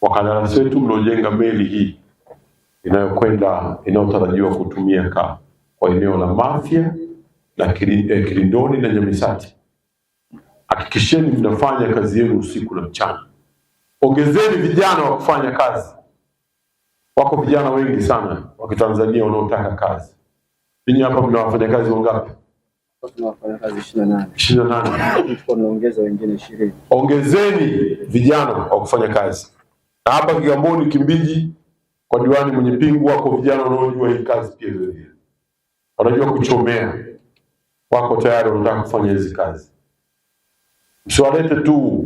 wakandarasi wetu mliojenga meli hii inayokwenda inayotarajiwa ka kwa eneo la Mafia na eh, Kilindoni na Nyamisati, hakikisheni mnafanya kazi yenu usiku na mchana. Ongezeni vijana wa kufanya kazi. Wako vijana wengi sana wa Kitanzania wanaotaka kazi. Ninyi hapa mna wafanyakazi wangapi? Ishirini na nane. Ongezeni vijana wa kufanya kazi. Na hapa Kigamboni Kimbiji, kwa diwani mwenye pingu, wako vijana wanaojua hii kazi pia vile vile, wanajua kuchomea, wako tayari, wanataka kufanya hizi kazi. Msiwalete tu,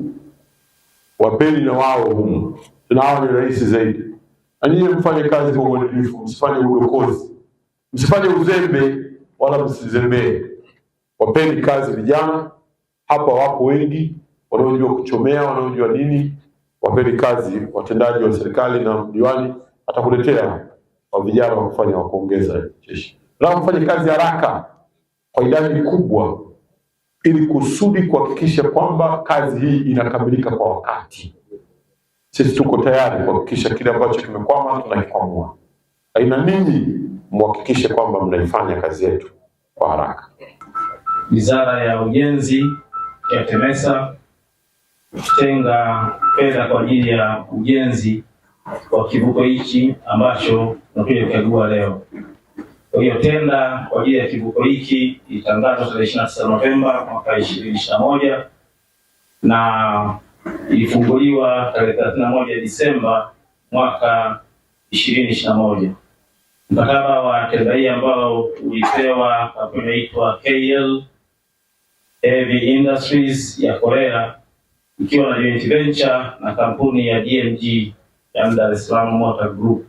wapeni na wao humu, tena ni rahisi zaidi. Na nyinyi mfanye kazi kwa uadilifu, msifanye udokozi, msifanye uzembe wala msizembee. Wapeni kazi vijana. Hapa wako wengi wanaojua kuchomea, wanaojua nini wapeni kazi watendaji wa serikali na diwani atakuletea wa vijana wa kufanya wa kuongeza jeshi. Lazima mfanye kazi haraka kwa idadi kubwa, ili kusudi kuhakikisha kwamba kazi hii inakamilika kwa wakati. Sisi tuko tayari kuhakikisha kile ambacho kimekwama tunakikwamua, aina ninyi muhakikishe kwamba mnaifanya kazi yetu kwa haraka. Wizara ya Ujenzi ya TEMESA kutenga fedha kwa ajili ya ujenzi wa kivuko hichi ambacho tunakuja kukagua leo. Kwa hiyo tenda kwa ajili ya kivuko hiki ilitangazwa tarehe 29 Novemba mwaka 2021 na ilifunguliwa tarehe 31 Disemba mwaka 2021. Mkataba wa tenda hii ambao ulipewa kampuni inaitwa KL Heavy Industries ya Korea ikiwa na joint venture na kampuni ya DMG ya Dar es Salaam Motor Group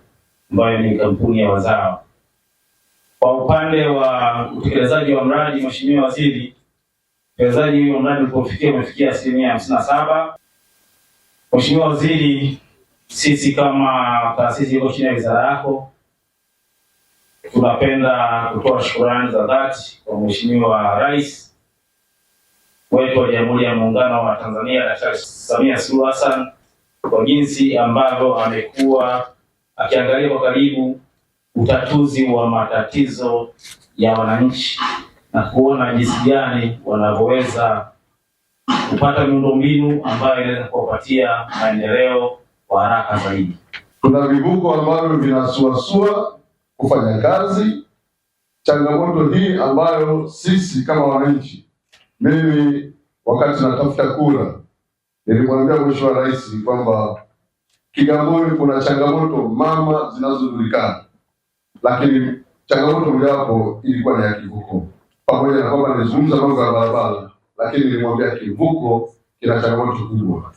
ambayo ni kampuni ya wazawa. Kwa upande wa utekelezaji wa mradi, Mheshimiwa Waziri, utekelezaji wa mradi ulipofikia umefikia asilimia hamsini na saba. Mheshimiwa Waziri, sisi kama taasisi iko chini ya wizara yako tunapenda kutoa shukurani za dhati kwa Mheshimiwa Rais wetu wa Jamhuri ya Muungano wa Tanzania Daktari Samia Suluhu Hassan kwa jinsi ambavyo amekuwa akiangalia kwa karibu utatuzi wa matatizo ya wananchi na kuona jinsi gani wanavyoweza kupata miundombinu ambayo inaweza kuwapatia maendeleo kwa haraka zaidi. Tuna vivuko ambavyo vinasuasua kufanya kazi. Changamoto hii ambayo sisi kama wananchi mimi wakati natafuta kura nilimwambia Mheshimiwa Rais kwamba Kigamboni kuna changamoto mama zinazojulikana, lakini changamoto mojawapo ilikuwa ni ya kivuko. Pamoja na kwamba nilizungumza mambo ya barabara, lakini nilimwambia kivuko kina changamoto kubwa.